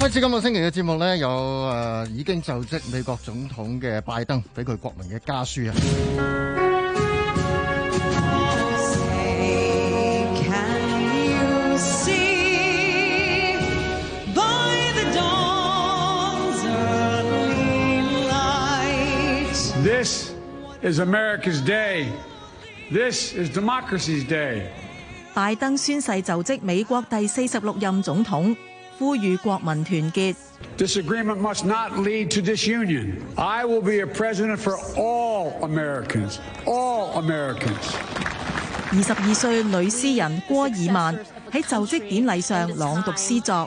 開始今個星期嘅節目呢，有誒已經就職美國總統嘅拜登，俾佢國民嘅家書啊！This is America's day. This is democracy's day. 拜登宣誓就職美國第四十六任總統。呼籲國民團結。Disagreement must not lead to disunion. I will be a president for all Americans, all Americans. 二十二歲女詩人郭爾曼喺就職典禮上朗讀詩作。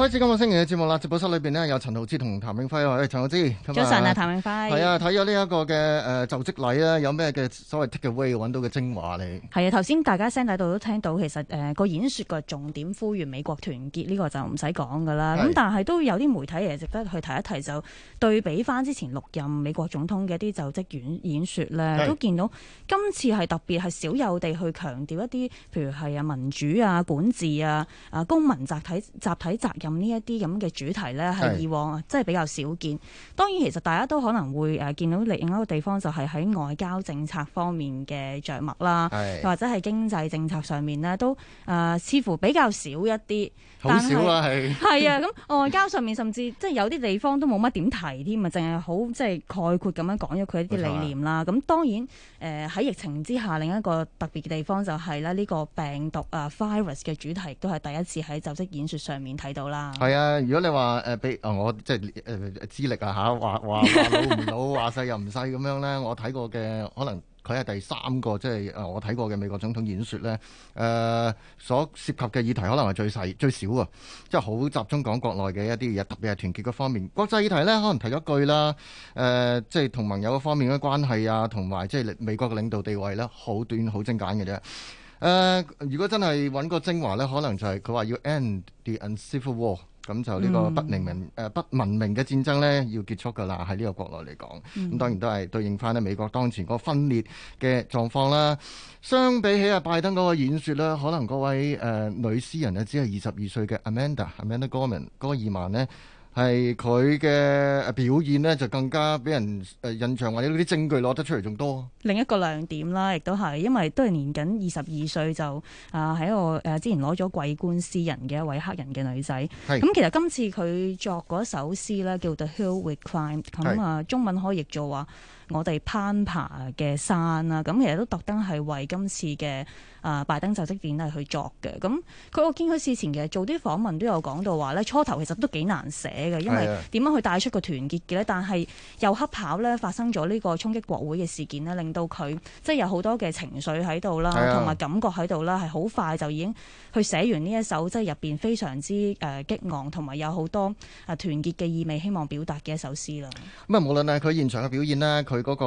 開始今個星期嘅節目啦！直播室裏邊呢，有陳浩之同譚永輝啊！陳浩之，早晨上啊，譚永輝。係啊，睇咗呢一個嘅誒就職禮啊，有咩嘅所謂 take away 揾到嘅精華咧？係啊，頭先大家聲喺度都聽到，其實誒個、呃、演説嘅重點呼籲美國團結呢、呢個就唔使講噶啦。咁的但係都有啲媒體其實值得去提一提，就對比翻之前六任美國總統嘅啲就職演演説咧，的都見到今次係特別係少有地去強調一啲，譬如係啊民主啊管治啊啊公民集體集體責,責任。呢一啲咁嘅主題呢，係以往真係比較少見。是當然，其實大家都可能會誒見到另一個地方，就係喺外交政策方面嘅着墨啦，是或者係經濟政策上面呢，都、呃、誒似乎比較少一啲。好少啊！啊是，咁是外交上面甚至 即係有啲地方都冇乜點提添，咪淨係好即係概括咁樣講咗佢一啲理念啦。咁、啊、當然誒喺、呃、疫情之下，另一個特別嘅地方就係咧呢個病毒啊、呃、，virus 嘅主題都係第一次喺就職演說上面睇到。係啊，如果你話誒、呃，比、呃我呃呃、啊我即係誒資歷啊吓，話話話老唔老，話細又唔細咁樣咧，我睇過嘅可能佢係第三個即係、呃就是、我睇過嘅美國總統演說咧，誒、呃、所涉及嘅議題可能係最細最少啊，即係好集中講國內嘅一啲嘢，特別係團結嗰方面。國際議題咧，可能提咗句啦，誒即係同盟友嗰方面嘅關係啊，同埋即係美美國嘅領導地位咧，好短好精簡嘅啫。誒，uh, 如果真係揾個精華咧，可能就係佢話要 end the uncivil war，咁就呢個不明明、mm. 呃、不文明、誒不文明嘅戰爭咧，要結束噶啦。喺呢個國內嚟講，咁當然都係對應翻呢美國當前嗰個分裂嘅狀況啦。相比起阿、啊、拜登嗰個演説咧，可能嗰位誒、呃、女詩人呢，只係二十二歲嘅 Am Amanda Amanda Gorman 哥爾曼呢。係佢嘅表現咧，就更加俾人誒、呃、印象，或者啲證據攞得出嚟仲多。另一個亮點啦，亦都係因為都係年僅二十二歲就啊，係、呃、一個誒、呃、之前攞咗桂冠詩人嘅一位黑人嘅女仔。咁是、嗯，其實今次佢作嗰首詩咧，叫做、嗯《The Hill e h We Climb》，咁啊，中文可以譯做話我哋攀爬嘅山啊。咁、嗯、其實都特登係為今次嘅啊、呃、拜登就職典禮去作嘅。咁、嗯、佢我見佢事前其實做啲訪問都有講到話咧，初頭其實都幾難寫。因為點樣去帶出個團結嘅咧？但係又恰巧咧，發生咗呢個衝擊國會嘅事件呢，令到佢即係有好多嘅情緒喺度啦，同埋是的 感覺喺度啦，係好快就已經去寫完呢一首，即係入邊非常之誒、呃、激昂，同埋有好多啊團結嘅意味，希望表達嘅一首詩啦。咁啊，無論係佢現場嘅表現啦，佢嗰個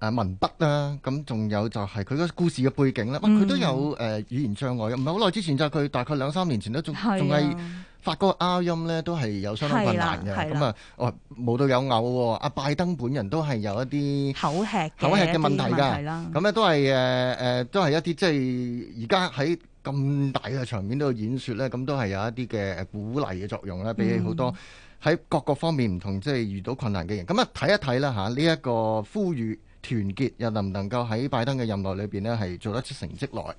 誒文筆啦，咁仲有就係佢嗰故事嘅背景啦，佢、嗯、都有誒語言障礙，唔係好耐之前就係佢大概兩三年前都仲仲係。發個 R 音呢都係有相當困難嘅。咁啊，哦，冇到有嘔喎、哦。阿拜登本人都係有一啲口吃口吃嘅問題㗎。咁呢、嗯、都係誒誒，都係一啲即係而家喺咁大嘅場面度演説呢，咁都係有一啲嘅鼓勵嘅作用啦。比起好多喺各個方面唔同，即係遇到困難嘅人。咁啊、嗯，睇一睇啦嚇，呢一個呼籲團結又能唔能夠喺拜登嘅任內裏邊呢，係做得出成績來？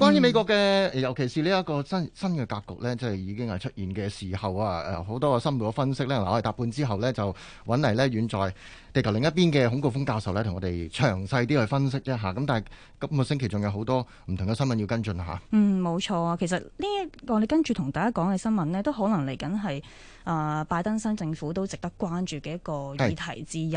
嗯、關於美國嘅，尤其是呢一個新新嘅格局呢，即係已經係出現嘅時候啊，誒、呃、好多嘅深入嘅分析呢，嗱，我哋搭半之後呢，就揾嚟呢遠在地球另一邊嘅孔誥烽教授呢，同我哋詳細啲去分析一下。咁、嗯、但係今個星期仲有好多唔同嘅新聞要跟進下。嗯，冇錯，其實呢一個你跟住同大家講嘅新聞呢，都可能嚟緊係啊拜登新政府都值得關注嘅一個議題之一，亦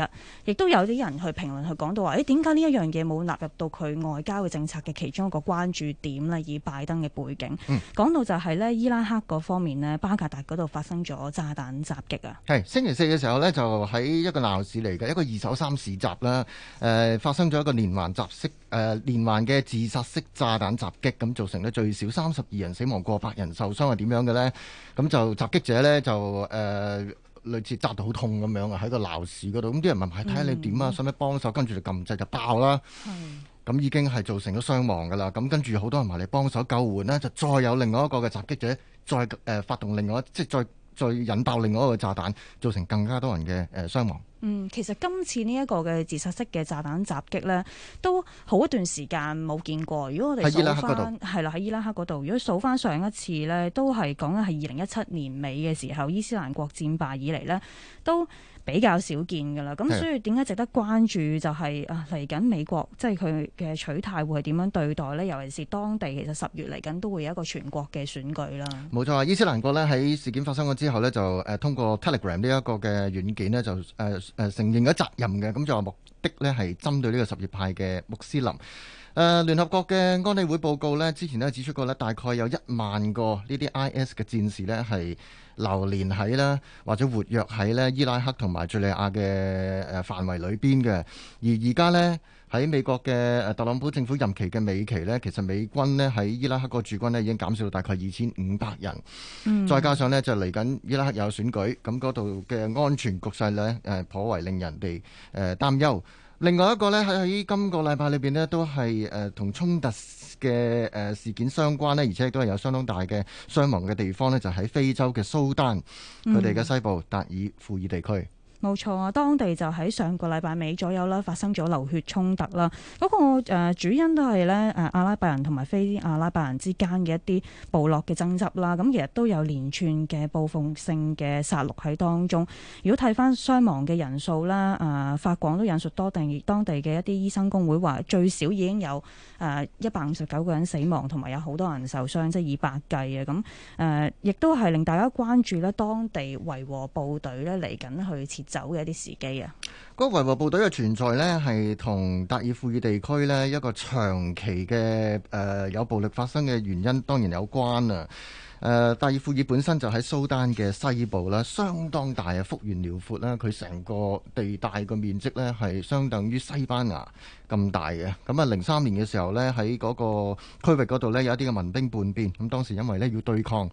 是都有啲人去評論去講到話，誒點解呢一樣嘢冇納入到佢外交嘅政策嘅其中一個關注點。點啦？以拜登嘅背景，講、嗯、到就係呢伊拉克嗰方面呢，巴格達嗰度發生咗炸彈襲擊啊！係星期四嘅時候呢，就喺一個鬧市嚟嘅一個二手三市集啦，誒、呃，發生咗一個連環襲擊，誒、呃，連環嘅自殺式炸彈襲擊，咁造成呢最少三十二人死亡過，過百人受傷，係點樣嘅呢？咁、嗯、就襲擊者呢，就誒、呃，類似扎到好痛咁樣啊，喺個鬧市嗰度，咁啲人問係睇下你點啊，使咩使幫手？跟住就撳掣就爆啦。嗯咁已經係造成咗傷亡噶啦，咁跟住好多人埋嚟幫手救援呢就再有另外一個嘅襲擊者，再誒、呃、發動另外即再再引爆另外一個炸彈，造成更加多人嘅誒、呃、傷亡。嗯，其實今次呢一個嘅自殺式嘅炸彈襲擊呢，都好一段時間冇見過。如果我哋數翻，喺伊拉克，係啦，喺伊拉克嗰度。如果數翻上一次呢，都係講緊係二零一七年尾嘅時候，伊斯蘭國戰敗以嚟呢都，比較少見㗎啦，咁所以點解值得關注就係、是、是的 啊嚟緊美國，即係佢嘅取態會係點樣對待呢？尤其是當地其實十月嚟緊都會有一個全國嘅選舉啦。冇錯，伊斯蘭國咧喺事件發生咗之後呢，就誒通過 Telegram 呢一個嘅軟件呢，就誒誒承認咗責任嘅，咁就話目的呢係針對呢個什葉派嘅穆斯林。誒、呃、聯合國嘅安理會報告咧，之前咧指出過咧，大概有一萬個呢啲 IS 嘅戰士咧係流連喺咧或者活躍喺咧伊拉克同埋敘利亞嘅誒範圍裏邊嘅。而而家呢，喺美國嘅特朗普政府任期嘅尾期呢，其實美軍咧喺伊拉克個駐軍呢已經減少到大概二千五百人。嗯、再加上呢，就嚟緊伊拉克有選舉，咁嗰度嘅安全局勢呢，誒，頗為令人哋誒、呃、擔憂。另外一個呢，喺喺今個禮拜裏邊呢，都係誒同衝突嘅誒、呃、事件相關呢，而且都係有相當大嘅傷亡嘅地方呢，就喺、是、非洲嘅蘇丹，佢哋嘅西部達爾富爾地區。冇錯啊，當地就喺上個禮拜尾左右啦，發生咗流血衝突啦。嗰個主因都係咧誒阿拉伯人同埋非阿拉伯人之間嘅一啲部落嘅爭執啦。咁其實都有連串嘅報復性嘅殺戮喺當中。如果睇翻傷亡嘅人數啦，誒法廣都引述多定當地嘅一啲醫生公會話，最少已經有誒一百五十九個人死亡，同埋有好多人受傷，即係以百計啊。咁誒、呃、亦都係令大家關注咧，當地維和部隊咧嚟緊去設走嘅啲時機啊，個維和部隊嘅存在呢，係同達爾富爾地區呢一個長期嘅誒、呃、有暴力發生嘅原因當然有關啊。誒、呃，達爾富爾本身就喺蘇丹嘅西部啦，相當大啊，幅員遼闊啦，佢成個地帶嘅面積呢，係相等於西班牙咁大嘅。咁、嗯、啊，零三年嘅時候呢，喺嗰個區域嗰度呢，有一啲嘅民兵叛變，咁當時因為呢要對抗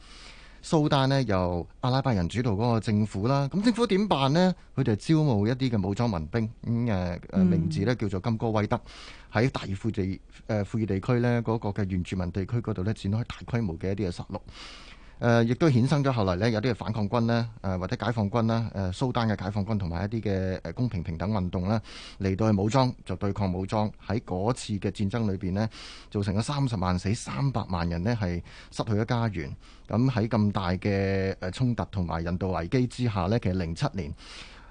蘇丹呢，由阿拉伯人主導嗰個政府啦，咁政府點辦呢？佢哋招募一啲嘅武裝民兵，咁誒名字呢叫做金戈威德，喺、嗯、大爾富地誒富裕地區呢，嗰個嘅原住民地區嗰度呢，展開大規模嘅一啲嘅殺戮。誒，亦都、呃、衍生咗後嚟呢，有啲嘅反抗軍咧，誒、呃、或者解放軍啦，誒、呃、蘇丹嘅解放軍同埋一啲嘅誒公平平等運動啦，嚟到去武裝就對抗武裝，喺嗰次嘅戰爭裏邊呢，造成咗三十萬死三百萬人呢係失去咗家園。咁喺咁大嘅誒衝突同埋人道危機之下呢，其實零七年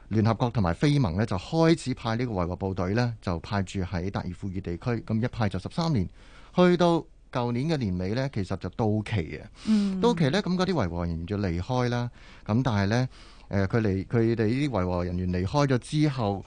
聯合國同埋非盟呢，就開始派呢個維和部隊呢，就派住喺達爾富爾地區，咁一派就十三年，去到。舊年嘅年尾呢，其實就到期嘅。嗯、到期呢，咁嗰啲維和人員就離開啦。咁但係呢，誒佢離佢哋呢啲維和人員離開咗之後，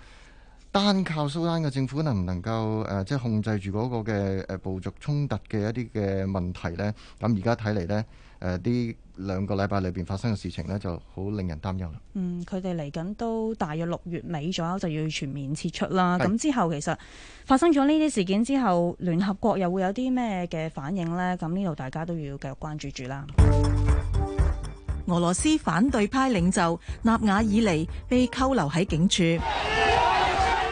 單靠蘇丹嘅政府能唔能夠誒、呃、即係控制住嗰個嘅誒部族衝突嘅一啲嘅問題呢？咁而家睇嚟呢。誒啲兩個禮拜裏邊發生嘅事情呢，就好令人擔憂啦。嗯，佢哋嚟緊都大約六月尾左右就要全面撤出啦。咁是之後其實發生咗呢啲事件之後，聯合國又會有啲咩嘅反應呢？咁呢度大家都要繼續關注住啦。俄羅斯反對派領袖納瓦爾尼被扣留喺警署，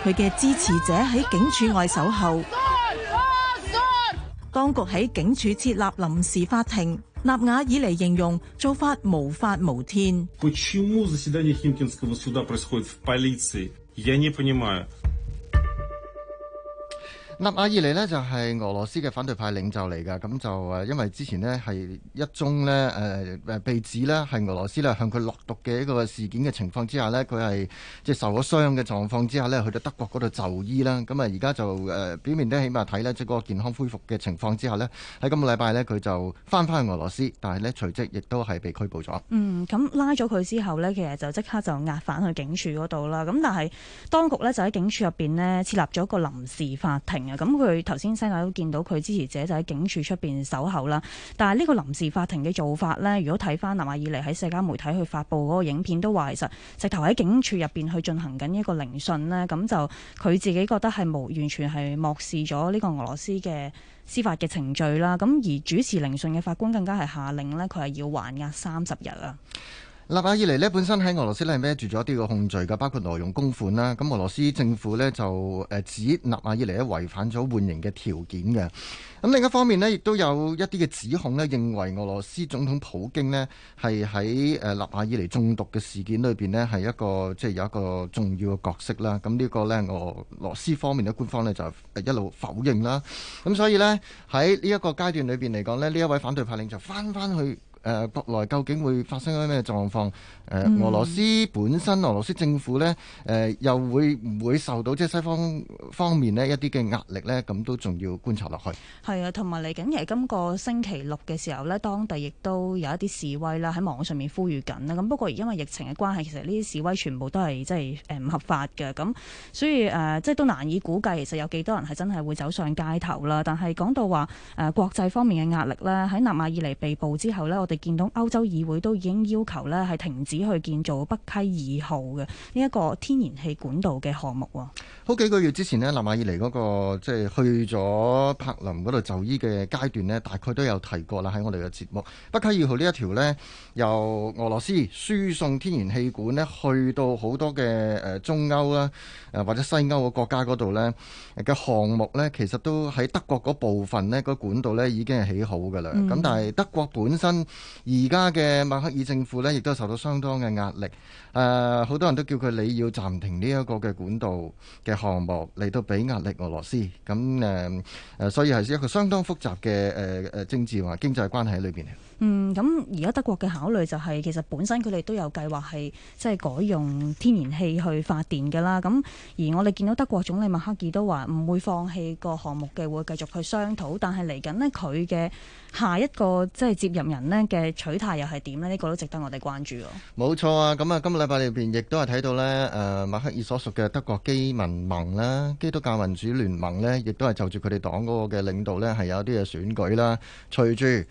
佢嘅支持者喺警署外守候。當局喺警署設立臨時法庭。納瓦爾尼形容做法無法無天。 嗱，納瓦爾尼呢就係俄羅斯嘅反對派領袖嚟㗎，咁就誒，因為之前呢係一宗呢誒被指呢係俄羅斯呢向佢落毒嘅一個事件嘅情況之下呢，佢係即係受咗傷嘅狀況之下呢，去到德國嗰度就醫啦。咁啊，而家就誒表面都起碼睇呢，即係個健康恢復嘅情況之下呢，喺今個禮拜呢，佢就返返去俄羅斯，但係呢隨即亦都係被拘捕咗。嗯，咁拉咗佢之後呢，其實就即刻就押返去警署嗰度啦。咁但係當局呢，就喺警署入邊呢設立咗一個臨時法庭。咁佢頭先西亞都見到佢支持者就喺警署出邊守候啦，但係呢個臨時法庭嘅做法咧，如果睇翻納瓦爾尼喺社交媒體去發布嗰個影片，都話，其實直頭喺警署入邊去進行緊一個聆訊咧，咁就佢自己覺得係冇完全係漠視咗呢個俄羅斯嘅司法嘅程序啦，咁而主持聆訊嘅法官更加係下令咧，佢係要還押三十日啊。納瓦爾尼呢本身喺俄羅斯呢係孭住咗啲嘅控罪嘅，包括挪用公款啦。咁俄羅斯政府呢就誒指納瓦爾尼呢違反咗緩刑嘅條件嘅。咁另一方面呢，亦都有一啲嘅指控呢，認為俄羅斯總統普京呢係喺誒納瓦爾尼中毒嘅事件裏邊呢係一個即係有一個重要嘅角色啦。咁呢個呢俄羅斯方面嘅官方呢就一路否認啦。咁所以呢，喺呢一個階段裏邊嚟講呢，呢一位反對派領就返返去。誒、呃、國內究竟會發生啲咩狀況？誒、呃嗯、俄羅斯本身，俄羅斯政府呢，誒、呃、又會唔會受到即係西方方面呢一啲嘅壓力呢？咁都仲要觀察落去。係啊，同埋嚟緊其實今個星期六嘅時候呢，當地亦都有一啲示威啦，喺網上面呼籲緊啦。咁不過因為疫情嘅關係，其實呢啲示威全部都係即係誒唔合法嘅。咁所以誒、呃，即係都難以估計，其實有幾多人係真係會走上街頭啦。但係講到話誒、呃、國際方面嘅壓力咧，喺納瓦爾尼，尼被捕之後呢。我見到歐洲議會都已經要求咧，係停止去建造北溪二號嘅呢一個天然氣管道嘅項目。好幾個月之前呢，納馬爾尼嗰個即係、就是、去咗柏林嗰度就醫嘅階段呢，大概都有提過啦，喺我哋嘅節目。北溪二號呢一條呢，由俄羅斯輸送天然氣管呢，去到好多嘅誒中歐啦、啊，誒或者西歐嘅國家嗰度呢嘅項目呢，其實都喺德國嗰部分呢，個管道呢已經係起好㗎啦。咁、嗯、但係德國本身。而家嘅默克爾政府呢，亦都受到相當嘅壓力。誒、呃，好多人都叫佢，你要暫停呢一個嘅管道嘅項目嚟到俾壓力俄羅斯。咁誒，誒、呃，所以係一個相當複雜嘅誒誒政治和經濟關係喺裏邊。嗯，咁而家德國嘅考慮就係、是、其實本身佢哋都有計劃係即係改用天然氣去發電㗎啦。咁而我哋見到德國總理默克爾都話唔會放棄個項目嘅，會繼續去商討。但係嚟緊呢，佢嘅下一個即係接任人咧嘅取態又係點呢？呢、呢個都值得我哋關注。冇錯啊！咁啊，今個禮拜裏邊亦都係睇到咧，誒、呃、默克爾所屬嘅德國基民盟啦、基督教民主聯盟呢，亦都係就住佢哋黨嗰個嘅領導呢，係有啲嘅選舉啦，隨住。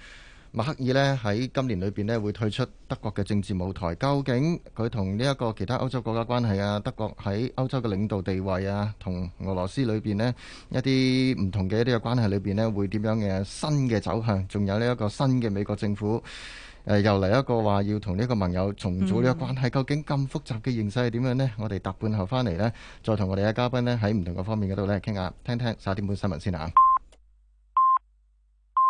默克爾咧喺今年裏邊咧會退出德國嘅政治舞台，究竟佢同呢一個其他歐洲國家關係啊，德國喺歐洲嘅領導地位啊，同俄羅斯裏邊咧一啲唔同嘅一啲嘅關係裏邊咧會點樣嘅新嘅走向？仲有呢一個新嘅美國政府誒又嚟一個話要同呢一個盟友重組呢個關係，究竟咁複雜嘅形勢係點樣咧？我哋搭半後翻嚟咧，再同我哋嘅嘉賓咧喺唔同嘅方面嗰度咧傾下，聽聽十一點半新聞先啊。